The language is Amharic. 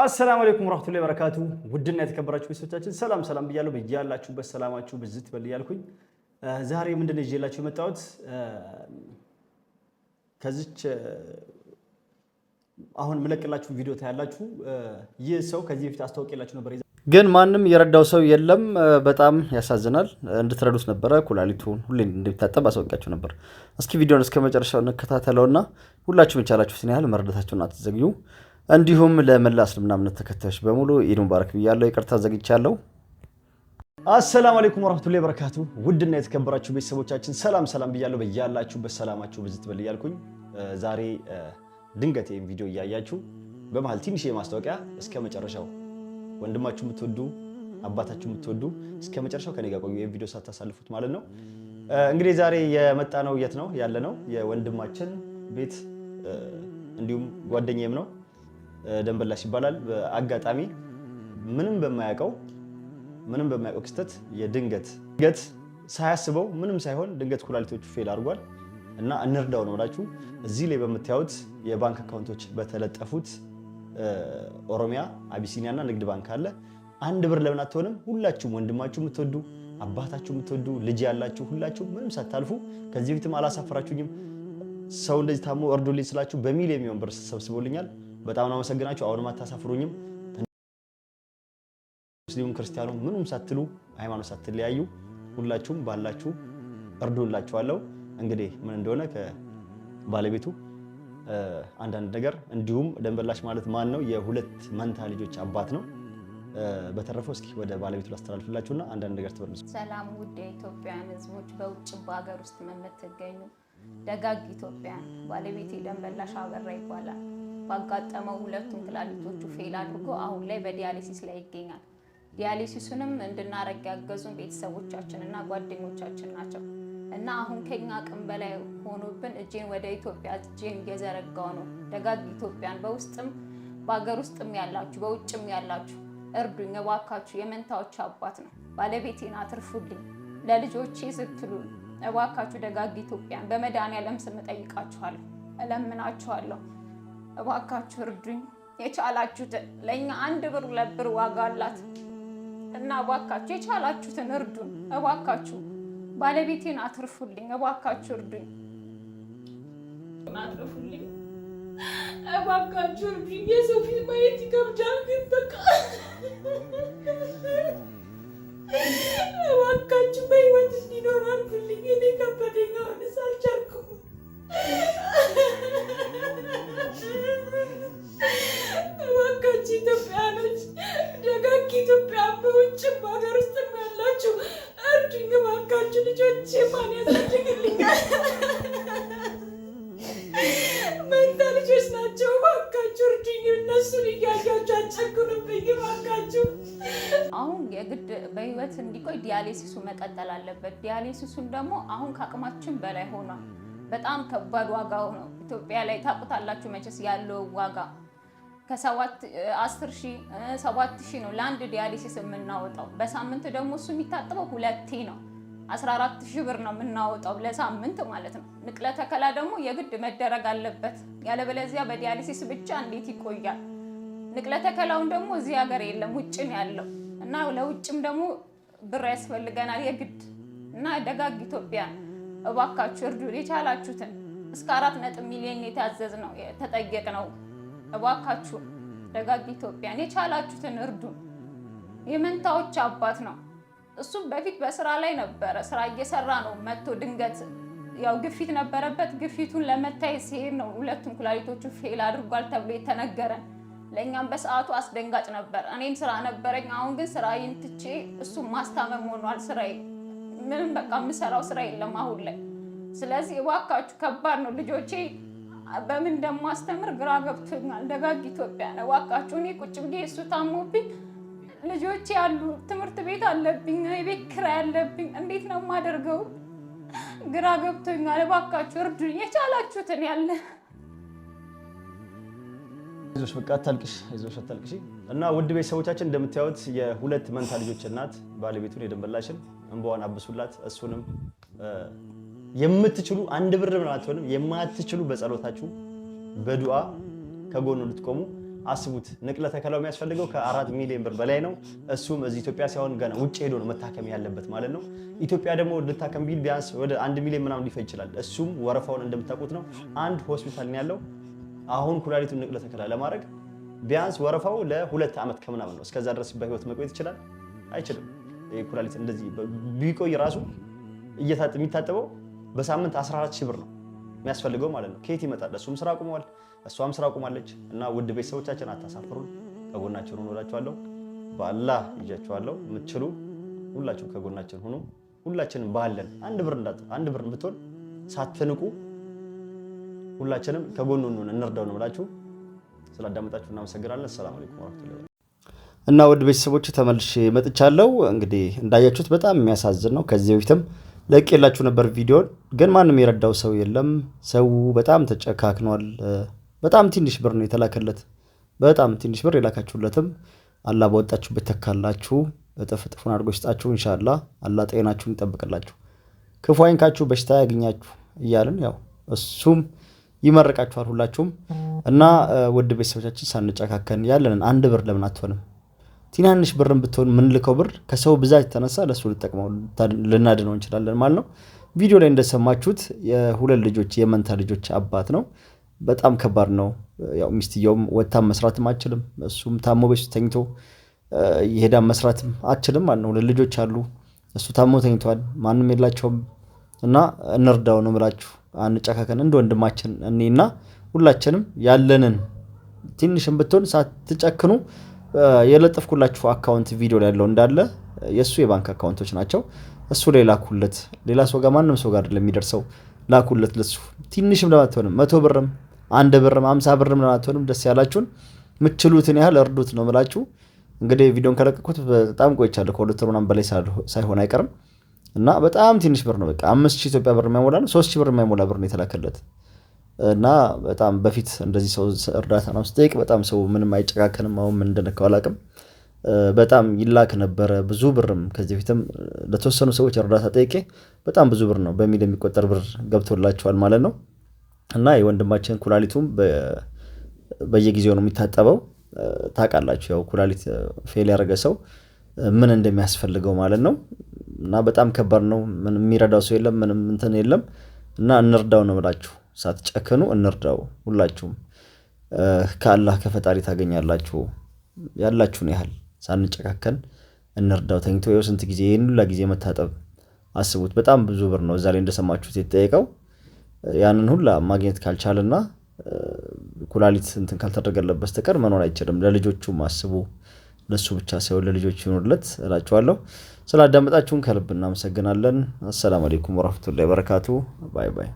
አሰላሙ አለይኩም ወራህመቱላሂ ወበረካቱ። ውድና የተከበራችሁ ቤተሰቦቻችን ሰላም ሰላም ብያለሁ። በያላችሁበት ሰላማችሁ ብዝት በል እያልኩኝ ዛሬ ምንድን ነው ይዤላችሁ የመጣሁት ከዚች አሁን ምለቅላችሁ ቪዲዮ ታያላችሁ። ይህ ሰው ከዚህ በፊት አስታውቄላችሁ ነበር፣ ግን ማንም የረዳው ሰው የለም። በጣም ያሳዝናል። እንድትረዱት ነበረ። ኩላሊቱን ሁሌ እንደሚታጠብ አስታውቂያችሁ ነበር። እስኪ ቪዲዮን እስከ መጨረሻው እንከታተለውና ሁላችሁም የቻላችሁትን ያህል መረዳታችሁን አትዘግዩ። እንዲሁም ለመላ እስልምና እምነት ተከታዮች በሙሉ ኢድ ሙባረክ ብያለሁ። ይቅርታ ዘግቻለሁ። አሰላሙ አለይኩም ወራህመቱላሂ ወበረካቱ። ውድና የተከበራችሁ ቤተሰቦቻችን ሰላም ሰላም ብያለሁ። በያላችሁበት ሰላማችሁ ብዝት በል እያልኩኝ ዛሬ ድንገት ይህም ቪዲዮ እያያችሁ በመሀል ትንሽ የማስታወቂያ እስከ መጨረሻው ወንድማችሁ የምትወዱ አባታችሁ የምትወዱ እስከ መጨረሻው ከኔ ጋር ቆዩ፣ ይህም ቪዲዮ ሳታሳልፉት ማለት ነው። እንግዲህ ዛሬ የመጣ ነው የት ነው ያለ ነው የወንድማችን ቤት እንዲሁም ጓደኛዬም ነው ደንበላሽ ይባላል። አጋጣሚ ምንም በማያውቀው ምንም በማያውቀው ክስተት የድንገት ድንገት ሳያስበው ምንም ሳይሆን ድንገት ኩላሊቶቹ ፌል አድርጓል እና እንርዳው ነው ብላችሁ እዚህ ላይ በምታዩት የባንክ አካውንቶች በተለጠፉት ኦሮሚያ አቢሲኒያና ንግድ ባንክ አለ። አንድ ብር ለምን አትሆንም? ሁላችሁም ወንድማችሁ የምትወዱ አባታችሁ የምትወዱ ልጅ ያላችሁ ሁላችሁ ምንም ሳታልፉ ከዚህ በፊትም አላሳፈራችሁኝም። ሰው እንደዚህ ታሞ እርዱልኝ ስላችሁ በሚል የሚሆን ብር ሰብስቦልኛል። በጣም ነው አመሰግናችሁ። አሁንም አታሳፍሩኝም። ሙስሊሙም ክርስቲያኑ ምንም ሳትሉ ሃይማኖት ሳትለያዩ ሁላችሁም ባላችሁ እርዱላችኋለሁ። እንግዲህ ምን እንደሆነ ከባለቤቱ አንዳንድ ነገር እንዲሁም ደንበላሽ ማለት ማን ነው? የሁለት መንታ ልጆች አባት ነው። በተረፈው እስኪ ወደ ባለቤቱ ላስተላልፍላችሁና አንዳንድ ነገር ትበሉ። ሰላም ውድ የኢትዮጵያን ህዝቦች በውጭ በሀገር ውስጥ የምትገኙ ደጋግ ኢትዮጵያን፣ ባለቤቴ ደንበላሽ አበራ ይባላል። ባጋጠመው ሁለቱም ክላሊቶቹ ፌል አድርጎ አሁን ላይ በዲያሊሲስ ላይ ይገኛል። ዲያሊሲሱንም እንድናረግ ያገዙን ቤተሰቦቻችን እና ጓደኞቻችን ናቸው እና አሁን ከኛ አቅም በላይ ሆኖብን እጄን ወደ ኢትዮጵያ እጄን እየዘረጋው ነው። ደጋግ ኢትዮጵያን በውስጥም በሀገር ውስጥም ያላችሁ በውጭም ያላችሁ እርዱኝ እባካችሁ። የመንታዎች አባት ነው። ባለቤቴን አትርፉልኝ ለልጆቼ ስትሉ እባካችሁ ደጋግ ኢትዮጵያን በመድኃኔዓለም ስም እጠይቃችኋለሁ፣ እለምናችኋለሁ። እባካችሁ እርዱኝ፣ የቻላችሁትን ለእኛ አንድ ብር ለብር ዋጋ አላት እና እባካችሁ የቻላችሁትን እርዱን። እባካችሁ ባለቤቴን አትርፉልኝ፣ እባካችሁ እርዱኝ፣ አትርፉልኝ፣ እባካችሁ እርዱኝ። የሰው ፊት ማየት ይከብዳል፣ ግን በቃ አሳድግ እባካችሁ ልጆቼ፣ ማን ያሳድግልኛል? መንታ ልጆች ናቸው። እባካችሁ እርዱኝ። እነሱን እያያችሁ አጨክኑብኝ እባካችሁ። አሁን የግድ በህይወት እንዲቆይ ዲያሌሲሱ መቀጠል አለበት። ዲያሌሲሱን ደግሞ አሁን ከአቅማችን በላይ ሆኗል። በጣም ከባድ ዋጋው ነው። ኢትዮጵያ ላይ ታውቁታላችሁ መቼስ ያለው ዋጋ ከሰባት አስር ሺህ ሰባት ሺህ ነው ለአንድ ዲያሊሲስ የምናወጣው። በሳምንት ደግሞ እሱ የሚታጥበው ሁለቴ ነው። 14 ሺህ ብር ነው የምናወጣው ለሳምንት ማለት ነው። ንቅለ ተከላ ደግሞ የግድ መደረግ አለበት፣ ያለበለዚያ በዲያሊሲስ ብቻ እንዴት ይቆያል? ንቅለ ተከላውን ደግሞ እዚህ ሀገር የለም ውጭ ነው ያለው እና ለውጭም ደግሞ ብር ያስፈልገናል የግድ እና ደጋግ ኢትዮጵያ እባካችሁ እርዱን የቻላችሁትን እስከ አራት ነጥብ ሚሊዮን የታዘዝ ነው የተጠየቅ ነው እባካችሁ ደጋግ ኢትዮጵያን የቻላችሁትን እርዱን። የመንታዎች አባት ነው። እሱም በፊት በስራ ላይ ነበረ። ስራ እየሰራ ነው መጥቶ ድንገት ያው ግፊት ነበረበት። ግፊቱን ለመታየት ሲሄድ ነው ሁለቱም ኩላሊቶቹ ፌል አድርጓል ተብሎ የተነገረን። ለእኛም በሰዓቱ አስደንጋጭ ነበር። እኔም ስራ ነበረኝ። አሁን ግን ስራዬን ትቼ እሱም ማስታመም ሆኗል። ስራዬ ምንም በቃ የምሰራው ስራ የለም አሁን ላይ። ስለዚህ እባካችሁ ከባድ ነው ልጆቼ በምን እንደማስተምር ግራ ገብቶኛል። ደጋግ ኢትዮጵያ ነው እባካችሁ። እኔ ቁጭ ብዬ እሱ ታሞብኝ ልጆች ያሉ ትምህርት ቤት አለብኝ፣ የቤት ኪራይ አለብኝ። እንዴት ነው የማደርገው? ግራ ገብቶኛል። እባካችሁ እርዱኝ፣ የቻላችሁትን ያለ አይዞሽ፣ በቃ አታልቅሽ፣ አይዞሽ አታልቅሽ። እና ውድ ቤተሰቦቻችን እንደምታዩት የሁለት መንታ ልጆች እናት ባለቤቱን የደንበላሽን እንበዋን አብሱላት። እሱንም የምትችሉ አንድ ብር ምን አትሆንም የማትችሉ በጸሎታችሁ በዱዓ ከጎኑ ልትቆሙ አስቡት። ንቅለ ተከላው የሚያስፈልገው ከአራት ሚሊዮን ብር በላይ ነው። እሱም እዚህ ኢትዮጵያ ሳይሆን ገና ውጭ ሄዶ ነው መታከም ያለበት ማለት ነው። ኢትዮጵያ ደግሞ ልታከም ቢል ቢያንስ ወደ አንድ ሚሊዮን ምናምን ሊፈጅ ይችላል። እሱም ወረፋውን እንደምታውቁት ነው። አንድ ሆስፒታል ነው ያለው። አሁን ኩላሊቱን ንቅለ ተከላ ለማድረግ ቢያንስ ወረፋው ለሁለት ዓመት ከምናምን ነው። እስከዛ ድረስ በህይወት መቆየት ይችላል አይችልም? ኩላሊት እንደዚህ ቢቆይ ራሱ የሚታጠበው በሳምንት 14 ሺህ ብር ነው የሚያስፈልገው ማለት ነው። ከየት ይመጣል? እሱም ስራ አቁመዋል፣ እሷም ስራ አቁማለች። እና ውድ ቤተሰቦቻችን አታሳፍሩን፣ ከጎናችን ሁኑ እላችኋለሁ። በአላህ ይዣችኋለሁ። የምትችሉ ሁላችሁም ከጎናችን ሁኑ። ሁላችንም ባለን አንድ ብር እንዳት አንድ ብር ብትሆን ሳትንቁ ሁላችንም ከጎኑ እንሁን፣ እንርዳው ነው ብላችሁ ስላዳመጣችሁ እናመሰግናለን። አሰላሙ አለይኩም ወራህመቱላሂ እና ውድ ቤተሰቦች ተመልሼ መጥቻለሁ። እንግዲህ እንዳያችሁት በጣም የሚያሳዝን ነው። ከዚህ በፊትም ለቅ የላችሁ ነበር ቪዲዮን ግን ማንም የረዳው ሰው የለም። ሰው በጣም ተጨካክኗል። በጣም ትንሽ ብር ነው የተላከለት። በጣም ትንሽ ብር የላካችሁለትም አላ በወጣችሁበት ተካላችሁ እጥፍ አድርጎ ይስጣችሁ። እንሻላ አላ ጤናችሁን ይጠብቅላችሁ፣ ክፉ አይንካችሁ፣ በሽታ ያገኛችሁ እያልን ያው እሱም ይመርቃችኋል ሁላችሁም እና ውድ ቤተሰቦቻችን ሳንጨካከን ያለንን አንድ ብር ለምን አትሆንም ትናንሽ ብርን ብትሆን የምንልከው ብር ከሰው ብዛት የተነሳ ለሱ ልጠቅመው ልናድነው እንችላለን ማለት ነው። ቪዲዮ ላይ እንደሰማችሁት የሁለት ልጆች የመንታ ልጆች አባት ነው። በጣም ከባድ ነው። ያው ሚስትየውም ወታም መስራትም አችልም፣ እሱም ታሞ ቤት ተኝቶ የሄዳም መስራትም አችልም ማለት ነው። ሁለት ልጆች አሉ። እሱ ታሞ ተኝቷል። ማንም የላቸውም እና እንርዳው ነው ምላችሁ አንጨካከን፣ እንደ ወንድማችን እኔና ሁላችንም ያለንን ትንሽም ብትሆን ሳትጨክኑ የለጠፍኩላችሁ አካውንት ቪዲዮ ላይ ያለው እንዳለ የእሱ የባንክ አካውንቶች ናቸው። እሱ ላይ ላኩለት። ሌላ ሰው ጋር ማንም ሰው ጋር ለሚደርሰው ላኩለት። ለሱ ትንሽም ለማትሆንም መቶ ብርም አንድ ብርም አምሳ ብርም ለማትሆንም ደስ ያላችሁን ምችሉትን ያህል እርዱት ነው ምላችሁ። እንግዲህ ቪዲዮን ከለቀኩት በጣም ቆይቻለሁ። ከሁለት ሩናም በላይ ሳይሆን አይቀርም እና በጣም ትንሽ ብር ነው። በቃ አምስት ሺህ ኢትዮጵያ ብር የማይሞላ ነው። ሶስት ሺህ ብር የማይሞላ ብር ነው የተላከለት። እና በጣም በፊት እንደዚህ ሰው እርዳታ ነው ስጠይቅ በጣም ሰው ምንም አይጨካከንም። አሁን ምን እንደነካው አላውቅም። በጣም ይላክ ነበረ ብዙ ብርም ከዚህ በፊትም ለተወሰኑ ሰዎች እርዳታ ጠይቄ በጣም ብዙ ብር ነው በሚል የሚቆጠር ብር ገብቶላቸዋል ማለት ነው። እና የወንድማችን ኩላሊቱም በየጊዜው ነው የሚታጠበው። ታውቃላችሁ ያው ኩላሊት ፌል ያደረገ ሰው ምን እንደሚያስፈልገው ማለት ነው። እና በጣም ከባድ ነው። ምንም የሚረዳው ሰው የለም። ምንም እንትን የለም። እና እንርዳው ነው ብላችሁ ሳትጨክኑ እንርዳው። ሁላችሁም ከአላህ ከፈጣሪ ታገኛላችሁ። ያላችሁን ያህል ሳንጨካከን እንርዳው። ተኝቶ ይኸው ስንት ጊዜ ይህን ሁላ ጊዜ መታጠብ አስቡት። በጣም ብዙ ብር ነው። እዛ ላይ እንደሰማችሁት የተጠየቀው ያንን ሁላ ማግኘት ካልቻለና ኩላሊት እንትን ካልተደረገለት በስተቀር መኖር አይችልም። ለልጆቹ አስቡ። ለሱ ብቻ ሳይሆን ለልጆች ይኖርለት እላችኋለሁ። ስላዳመጣችሁን ከልብ እናመሰግናለን። አሰላሙ አሌይኩም ወረህመቱላሂ በረካቱ። ባይ ባይ።